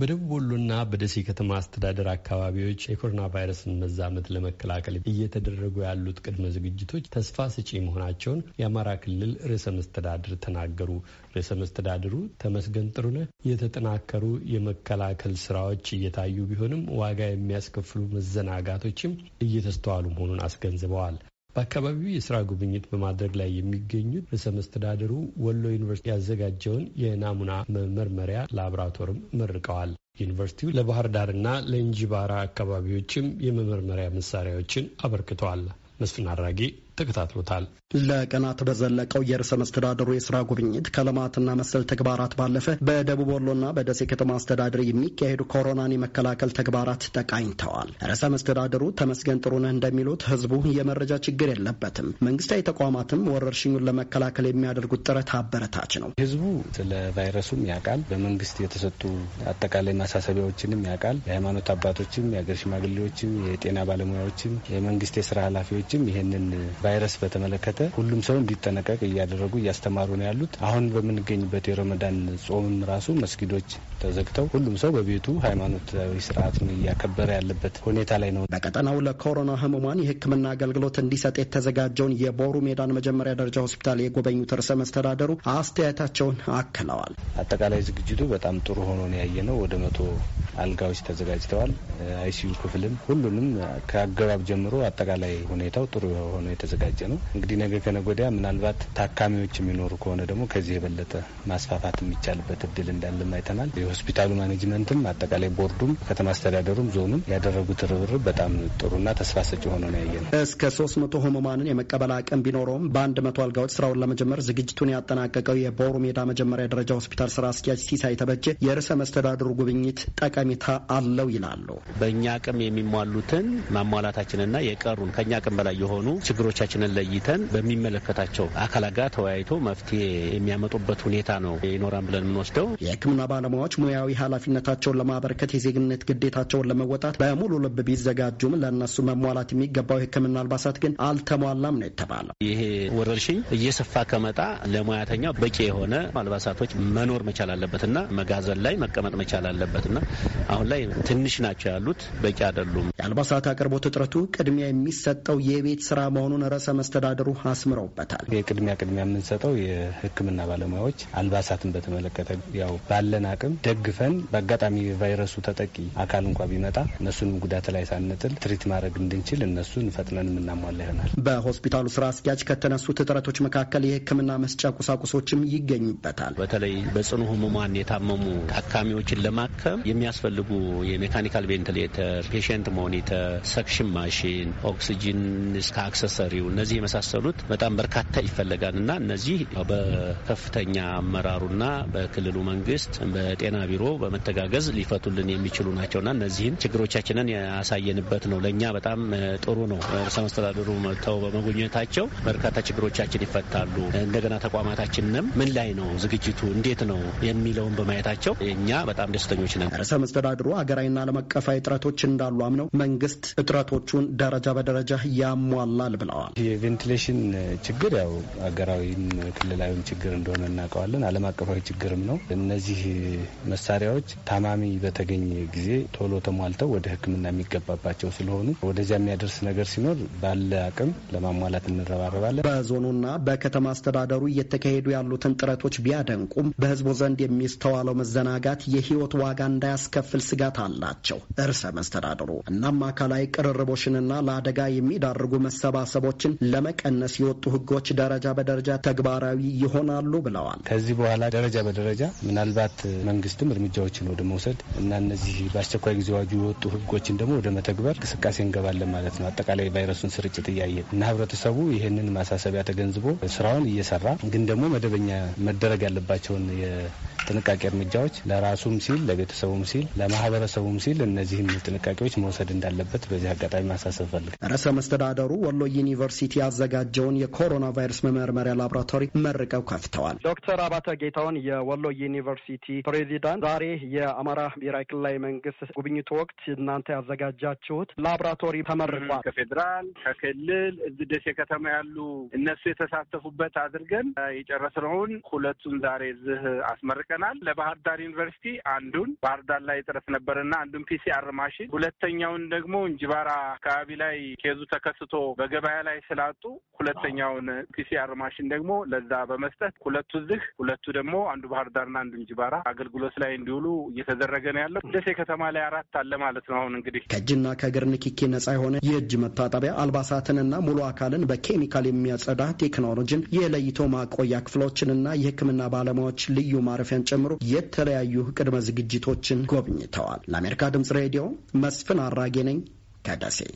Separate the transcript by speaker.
Speaker 1: በደቡብ ወሎና በደሴ ከተማ አስተዳደር አካባቢዎች የኮሮና ቫይረስን መዛመት ለመከላከል እየተደረጉ ያሉት ቅድመ ዝግጅቶች ተስፋ ሰጪ መሆናቸውን የአማራ ክልል ርዕሰ መስተዳድር ተናገሩ። ርዕሰ መስተዳድሩ ተመስገን ጥሩነህ የተጠናከሩ የመከላከል ስራዎች እየታዩ ቢሆንም ዋጋ የሚያስከፍሉ መዘናጋቶችም እየተስተዋሉ መሆኑን አስገንዝበዋል። በአካባቢው የስራ ጉብኝት በማድረግ ላይ የሚገኙት ርዕሰ መስተዳደሩ ወሎ ዩኒቨርሲቲ ያዘጋጀውን የናሙና መመርመሪያ ላብራቶርም መርቀዋል። ዩኒቨርሲቲው ለባህር ዳርና ለእንጂባራ አካባቢዎችም የመመርመሪያ መሳሪያዎችን አበርክተዋል። መስፍን አድራጌ ተከታትሎታል።
Speaker 2: ለቀናት በዘለቀው የርዕሰ መስተዳደሩ የስራ ጉብኝት ከልማትና መሰል ተግባራት ባለፈ በደቡብ ወሎና በደሴ ከተማ አስተዳደር የሚካሄዱ ኮሮናን የመከላከል ተግባራት ተቃኝተዋል። ርዕሰ መስተዳደሩ ተመስገን ጥሩነህ እንደሚሉት ህዝቡ የመረጃ ችግር የለበትም፣ መንግስታዊ ተቋማትም ወረርሽኙን ለመከላከል የሚያደርጉት ጥረት አበረታች ነው። ህዝቡ ስለ ቫይረሱም ያውቃል፣ በመንግስት የተሰጡ አጠቃላይ
Speaker 1: ማሳሰቢያዎችንም ያውቃል። የሃይማኖት አባቶችም፣ የአገር ሽማግሌዎችም፣ የጤና ባለሙያዎችም፣ የመንግስት የስራ ኃላፊዎችም ይህንን ቫይረስ በተመለከተ ሁሉም ሰው እንዲጠነቀቅ እያደረጉ እያስተማሩ ነው ያሉት። አሁን በምንገኝበት የረመዳን ጾምም ራሱ መስጊዶች ተዘግተው ሁሉም ሰው በቤቱ ሃይማኖታዊ ስርዓትን እያከበረ ያለበት ሁኔታ ላይ ነው። በቀጠናው
Speaker 2: ለኮሮና ህሙማን የህክምና አገልግሎት እንዲሰጥ የተዘጋጀውን የቦሩ ሜዳን መጀመሪያ ደረጃ ሆስፒታል የጎበኙት ርዕሰ መስተዳደሩ አስተያየታቸውን አክለዋል።
Speaker 1: አጠቃላይ ዝግጅቱ በጣም ጥሩ ሆኖ ነው ያየ ነው። ወደ መቶ አልጋዎች ተዘጋጅተዋል። አይሲዩ ክፍልም ሁሉንም ከአገባብ ጀምሮ አጠቃላይ ሁኔታው ጥሩ ሆኖ የተዘጋጀ ነው። እንግዲህ ነገ ከነገ ምናልባት ታካሚዎች የሚኖሩ ከሆነ ደግሞ ከዚህ የበለጠ ማስፋፋት የሚቻልበት እድል እንዳለም አይተናል። የሆስፒታሉ ማኔጅመንትም አጠቃላይ ቦርዱም ከተማ አስተዳደሩም ዞኑም ያደረጉት ርብርብ በጣም ጥሩና ተስፋ ሰጭ ሆኖ ነው ያየ
Speaker 2: ነው። እስከ ሶስት መቶ ህሙማንን የመቀበል አቅም ቢኖረውም በአንድ መቶ አልጋዎች ስራውን ለመጀመር ዝግጅቱን ያጠናቀቀው የቦሩ ሜዳ መጀመሪያ ደረጃ ሆስፒታል ስራ አስኪያጅ ሲሳይ ተበጀ የርዕሰ መስተዳድሩ ጉብኝት ጠቀሜታ አለው ይላሉ።
Speaker 3: በእኛ አቅም የሚሟሉትን ማሟላታችንና የቀሩን ከእኛ አቅም በላይ የሆኑ ችግሮቻችንን ለይተን በሚመለከታቸው አካላት ጋር ተወያይቶ መፍትሄ የሚያመጡበት ሁኔታ ነው ይኖራን ብለን የምንወስደው
Speaker 2: የህክምና ባለሙያዎች ሙያዊ ኃላፊነታቸውን ለማበረከት የዜግነት ግዴታቸውን ለመወጣት በሙሉ ልብ ቢዘጋጁም ለእነሱ መሟላት የሚገባው የሕክምና አልባሳት ግን አልተሟላም ነው የተባለው።
Speaker 3: ይሄ ወረርሽኝ እየሰፋ ከመጣ ለሙያተኛ በቂ የሆነ አልባሳቶች መኖር መቻል አለበትና መጋዘን ላይ መቀመጥ መቻል አለበትና አሁን ላይ ትንሽ ናቸው ያሉት፣ በቂ አይደሉም። የአልባሳት
Speaker 2: አቅርቦት እጥረቱ ቅድሚያ የሚሰጠው የቤት ስራ መሆኑን ርዕሰ መስተዳደሩ አስምረውበታል። የቅድሚያ ቅድሚያ የምንሰጠው የሕክምና
Speaker 1: ባለሙያዎች አልባሳትን በተመለከተ ያው ባለን አቅም ደግፈን በአጋጣሚ የቫይረሱ ተጠቂ አካል እንኳ ቢመጣ እነሱንም ጉዳት ላይ ሳንጥል ትሪት ማድረግ እንድንችል እነሱን ፈጥነን የምናሟላ ይሆናል።
Speaker 2: በሆስፒታሉ ስራ አስኪያጅ ከተነሱት እጥረቶች መካከል የሕክምና መስጫ ቁሳቁሶችም ይገኙበታል። በተለይ በጽኑ ህሙማን የታመሙ ታካሚዎችን ለማከም
Speaker 3: የሚያስፈልጉ የሜካኒካል ቬንትሌተር፣ ፔሽንት ሞኒተር፣ ሰክሽን ማሽን፣ ኦክሲጂን እስከ አክሰሰሪው እነዚህ የመሳሰሉት በጣም በርካታ ይፈለጋል እና እነዚህ በከፍተኛ አመራሩና በክልሉ መንግስት በጤና ቢሮ በመተጋገዝ ሊፈቱልን የሚችሉ ናቸውና እነዚህን ችግሮቻችንን ያሳየንበት ነው። ለእኛ በጣም ጥሩ ነው። ርዕሰ መስተዳድሩ መጥተው በመጎኘታቸው በርካታ ችግሮቻችን ይፈታሉ። እንደገና ተቋማታችንም ምን ላይ ነው ዝግጅቱ እንዴት ነው የሚለውን በማየታቸው እኛ በጣም ደስተኞች ነን።
Speaker 2: ርዕሰ መስተዳድሩ ሀገራዊና ዓለም አቀፋዊ እጥረቶች እንዳሉ አምነው መንግስት እጥረቶቹን ደረጃ በደረጃ ያሟላል ብለዋል።
Speaker 1: የቬንቲሌሽን ችግር ያው ሀገራዊም ክልላዊም ችግር እንደሆነ እናውቀዋለን። ዓለም አቀፋዊ ችግርም ነው። እነዚህ መሳሪያዎች ታማሚ በተገኘ ጊዜ ቶሎ ተሟልተው ወደ ሕክምና የሚገባባቸው ስለሆኑ ወደዚያ የሚያደርስ ነገር ሲኖር ባለ አቅም ለማሟላት እንረባረባለን።
Speaker 2: በዞኑና በከተማ አስተዳደሩ እየተካሄዱ ያሉትን ጥረቶች ቢያደንቁም በህዝቡ ዘንድ የሚስተዋለው መዘናጋት የህይወት ዋጋ እንዳያስከፍል ስጋት አላቸው እርሰ መስተዳድሩ። እናም አካላዊ ቅርርቦችንና ለአደጋ የሚዳርጉ መሰባሰቦችን ለመቀነስ የወጡ ህጎች ደረጃ በደረጃ ተግባራዊ ይሆናሉ ብለዋል።
Speaker 1: ከዚህ በኋላ ደረጃ በደረጃ ምናልባት መንግስት መንግስትም እርምጃዎችን ወደ መውሰድ እና እነዚህ በአስቸኳይ ጊዜ አዋጁ የወጡ ህጎችን ደግሞ ወደ መተግበር እንቅስቃሴ እንገባለን ማለት ነው። አጠቃላይ ቫይረሱን ስርጭት እያየ እና ህብረተሰቡ ይህንን ማሳሰቢያ ተገንዝቦ ስራውን እየሰራ ግን ደግሞ መደበኛ መደረግ ያለባቸውን ጥንቃቄ እርምጃዎች ለራሱም ሲል ለቤተሰቡም ሲል ለማህበረሰቡም ሲል እነዚህን ጥንቃቄዎች መውሰድ እንዳለበት በዚህ አጋጣሚ ማሳሰብ ፈልግ
Speaker 2: ርዕሰ መስተዳደሩ ወሎ ዩኒቨርሲቲ ያዘጋጀውን የኮሮና ቫይረስ መመርመሪያ ላቦራቶሪ መርቀው ከፍተዋል። ዶክተር አባተ ጌታውን የወሎ ዩኒቨርሲቲ ፕሬዚዳንት ሱዳን ዛሬ የአማራ ብሔራዊ ክልላዊ መንግስት ጉብኝቱ ወቅት እናንተ ያዘጋጃችሁት ላቦራቶሪ ተመርቋል።
Speaker 3: ከፌዴራል
Speaker 1: ከክልል እዚህ ደሴ ከተማ ያሉ እነሱ የተሳተፉበት አድርገን የጨረስነውን ሁለቱን ዛሬ እዚህ አስመርቀናል። ለባህር ዳር ዩኒቨርሲቲ አንዱን ባህር ዳር ላይ ጥረት ነበረና አንዱን ፒሲአር ማሽን ሁለተኛውን ደግሞ እንጅባራ
Speaker 3: አካባቢ ላይ ኬዙ ተከስቶ
Speaker 1: በገበያ ላይ ስላጡ ሁለተኛውን ፒሲአር ማሽን ደግሞ ለዛ በመስጠት ሁለቱ እዚህ ሁለቱ ደግሞ አንዱ ባህር ዳርና አንዱ እንጅባራ አገልግሎት በመደረስ ላይ እንዲውሉ እየተደረገ ነው ያለው። ደሴ ከተማ ላይ አራት አለ ማለት ነው። አሁን እንግዲህ
Speaker 2: ከእጅና ከእግር ንክኪ ነጻ የሆነ የእጅ መታጠቢያ አልባሳትንና ሙሉ አካልን በኬሚካል የሚያጸዳ ቴክኖሎጂን የለይቶ ማቆያ ክፍሎችንና የሕክምና ባለሙያዎች ልዩ ማረፊያን ጨምሮ የተለያዩ ቅድመ ዝግጅቶችን ጎብኝተዋል። ለአሜሪካ ድምጽ ሬዲዮ መስፍን አራጌ ነኝ ከደሴ